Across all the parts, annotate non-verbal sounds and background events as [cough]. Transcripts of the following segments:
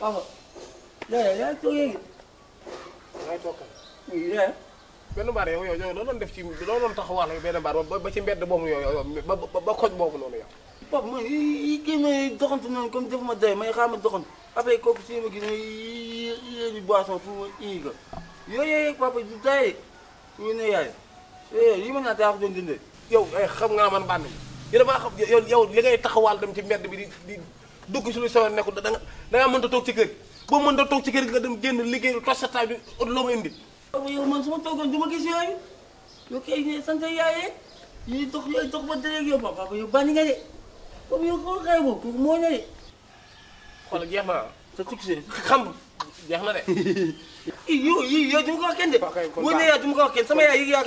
Papa. yooyu yaa ngi toog léegi. yaa ngi toog kan. benn mbaar yow yow yow loo def ci loo doon benn mbaar ba ci mbedd boobu yow yow ba ba xoj boobu noonu yow. Papa man yi kii may noonu comme dafa ma doy may xaar ma kooku suñu ma i boisson fu ma indi ko yaay yi ma naa taa wax doon dundee. yow eh, xam nga man bànn yi damaa xam yow li ngay taxawal dem ci mbedd bi di. dugg ci lu sawar ne ko da nga mënta toog ci kër boo mënta toog ci gi nga dem génn liggéey tos sa taay bi loo ma indi. yow man su ma toogoon du ma gis yooyu yow kay sant yaayee yi dox yooyu dox ba dëgg yow papa yow bànni nga de comme yow xool xëy boobu kooku moo ne de. xoolal jeex na sa succès xam jeex na de. [laughs] yow yow yow du ma ko wax kenn de. waaw kay kontaan boo nee yaa du ma ko wax kenn sama yaay yi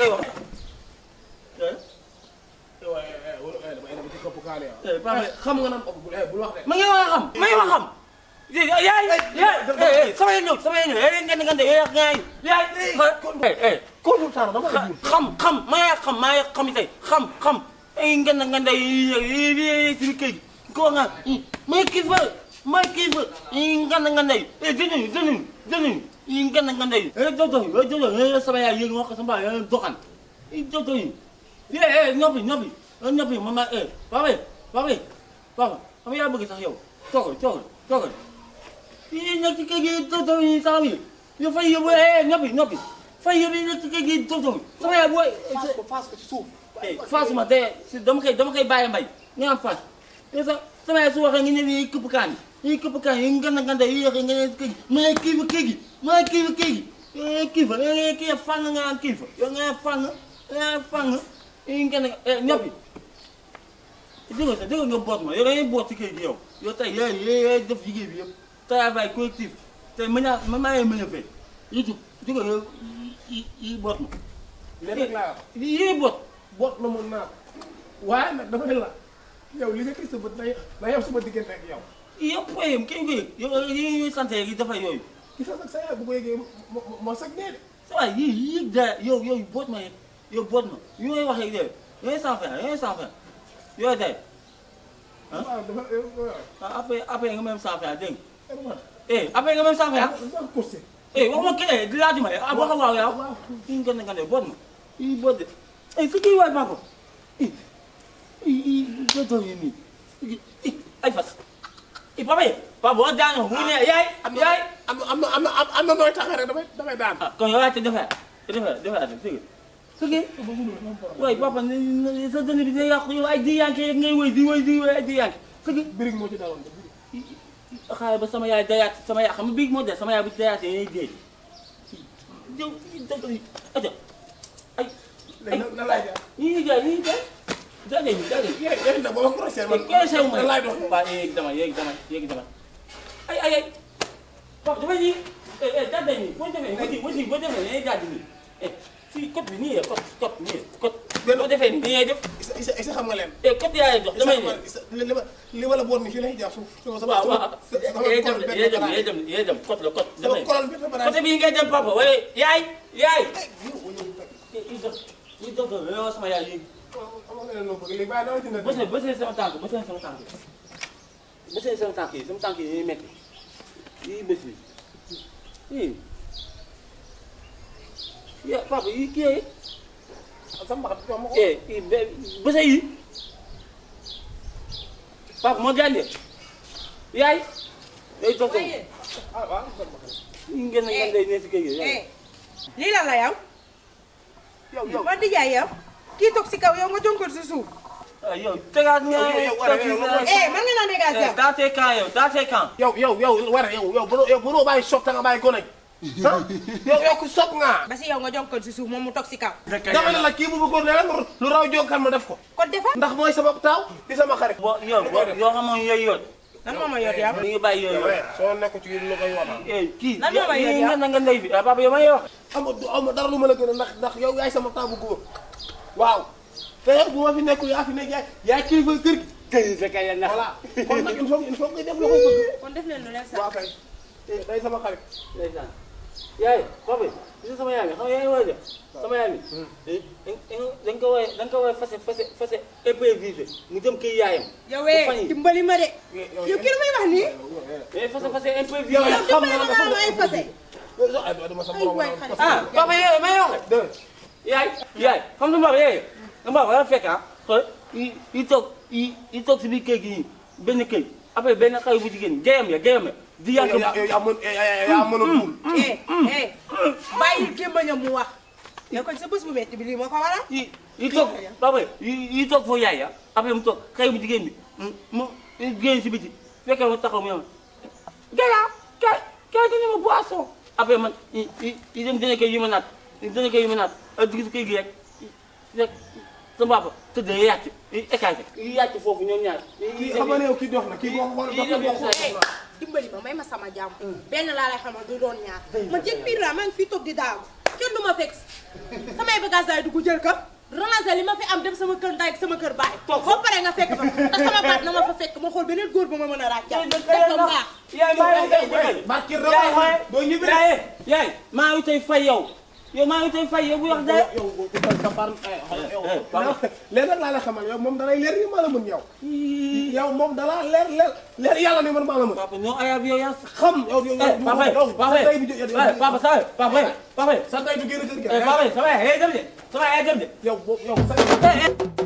Ah. Eh, eh. xam nga naan eh, bul wax de. ma ngi wax xam ma ngi wax xam. yaa yaa sama yéen ñëw sama yéen ñëw yaa ngeen ngeen de yaa ngeen yaa yaa. kontaan dama la xam xam ma yaa xam ma yaa xam tey xam xam. ay ngeen ngeen de yii si kër gi koo nga ma kii fa ma kii fa yi ngeen ngeen de yi jënuñ jënuñ jënuñ yi ngeen ngeen de yi. jojo yi jojo yi sama yaay yéen wax sama yaay doxan jojo yi ñoppi ñoppi loolu ñëpp yi mën naa eh papa yi papa yi papa xam nga yaa bëgg sax yow toogal toogal toogal yi nekk ci kër gi tóotóo yi saxam yi yow fay yóbbu eh ñëpp ñëpp fay yóbbu yi nekk ci kër gi tóotóo sama yaay booy. faas ko faas ko ci suuf. faas ma de si dama koy dama koy bàyyi mbay nga am faas yow sax sama yaay su waxee nga ñëw yi këpp kaan yi yi këpp kaan yi nga ne nga ne yi yéexee nga ne kër gi ma kii fa kër gi ma kii fa kër gi kii fa kii fa fang nga kii fa yow nga fang nga fang ñëpp digo, você digo meu boto, eu nem boto que deu. Eu tá aí, aí, aí, de fique viu. Tá vai coletivo. Tem minha, mamãe é minha vez. E tu, digo eu e e boto. Lembra lá. E boto, boto no mundo na. Uai, mas não é lá. Eu li que isso boto aí, na eu subo de quem é eu. E eu põe, quem que? Eu eu santei aqui da vai eu. Que sabe que sai do que mostra dele. Sai, e e da, eu eu boto, mas eu boto. Eu eu vai dele. Eu sabe, eu sabe. yooyu tey. ah waaw après après nga même cent francs dégg nga. eh après nga même cent francs. eh waxuma keneen di laajuma eh wax waaw yow. kii nga ne nga ne boot ma kii boot de eh si kii waay maa ko i i dootoo yi nii i ay fas i papa yi. waaw boo daanoo mu ne yaay. yaay am na am na am na am na mooy tax rek damay damay daan. ah kon yow yaa ci defar defar defar dégg nga sëggee waaye papa sa dënn bi day yàqu yow ay di yànke rek ngay wëy di wëy di wëy ay di yànke sëggee birig moo ci daloon xaaral ba sama yaay dayaat sama yaay xam birig moo dal sama yaay bu ci dayaatee yéen déey yow aja ay na laay jaay ñii jaay ñii jaay jaay jaay yéen da boo crochet man crochet wu ma laay dox waa yéeg dama yéeg dama yéeg dama ay ay ay papa dafa ñii jàdd nii boo defee boo defee boo defee dañuy jàdd nii fii code bi nii yee code code nii code. benn boo nii nii ngay def. isa isa xam nga leen. te eh, code yaa jox damay li ma li ma la boon ni fii lay jaar suuf. waaw waaw yéen dem yéen dem yéen dem yéen dem la code. damay côté bii ngay papa wala yaay yaay. ñu doog a lool sama yaay léegi. bës na bës na sama tànk bës na sama tànk bës na sama tànk yi sama tànk yi ñuy métti yii bës yow papa yi kii yooyu. sama mbaxam jox ma ko. kii bëse yi papa moo gànde yaay. yooyu toog tamit ah waaw ngeen ne ngeen day ne si kër gi lii lan la yow. yow yow man di jaay yow. kii toog si kaw yow nga jonkoon si suuf. yow tegaat nga man nga naan dégage yow. daa tee kan yow daa tee kan. yow yow yow war yow yow bu bàyyi soog ta nga bàyyi gone ah yow yow ku sob nga. ba si yow nga jonkal si suuf moom mu toog si kaw. dama ne la kii bu bëggoon ne la lu raw def ko. ko defal ndax mooy sabab taaw sama xarit. boo yow yoo xam ne yoon. nan moo ma yot yaa ma. ñu bàyyi yooyu yoon. soo nekk ci lu koy wax. Eh, kii nan moo ma yot yaa ma nga ndey bi ah, papa yow ma yow. Amadou aw a ndax ndax yow yaay sama taaw bu góor waaw te yow bu ma fi na voilà kon nag il faut il def kon def leen lu leen sax. waaw kay eh, day sama xarit. yaay papa gis nga sama yaay bi xam nga yaay wooy def sama yaay bi dañ ko wooye dañ ko wooye fase fase fase épervisé mu jëm kii yaayam yowee dimbali ma de yow kii may wax nii mais fase fase épervisé xam nga dafa may fase ah papa yaay may wax yaay yaay xam nga mbaa yaay nga mbaa wala fekk ah xool yi toog yi toog si biir kër gi nii benn kër après benn xale bu jigéen jeyam ya jeyam ya di yàgg yow eh, eh, yaa mën eh, yaa mënoon tuul. Mm, mm, mm. bàyyi kii ma ñëw mu wax. yow kon sa bés bu métti bi lii moo ko waral. yi yi toog papa yi yi toog foofu yaay ya après mu toog xëy bu jigéen bi mu génn si biti fekkee mu taxaw mu ne ma. gannaaw kay kay dañu ma boisson. après man yi yi yi dem dina koy yu ma naat dina koy yu ma naat digg kër sa papa tëddee yàcc écarté yi yàcc foofu ñoom ñaar. kii xamal yow kii dox na kii boo xool dox na boo xool dimbali ba may ma sama jàmm. benn laa lay xamal du doon ñaar. ma jël biir laa maa ngi fiy toog di daaw kenn du ma fekk samay bagage na dugg jël kam ranger ma fi am dem sama kër ndaay ak sama kër baay. toog boo paree nga fekk ma te a baat ma fa fekk ma xool beneen góor ba ma mën a raaj. ma def ko baax. yaay maa ngi tey fay yaw yow maa ngi tey fay yow bu wax de. yow léegi nag laa la xamal yow moom dalay leer ni maa la mën yow. yow moom dalaa leer leer leer yàlla ni man maa la mën. papa ñoo ayaab yow yaa xam. yow yow yow papa papa sa papa papa sa tay du génn kër gi. papa sa waay sa waay ay dem de sa waay ay dem de. yow yow sa.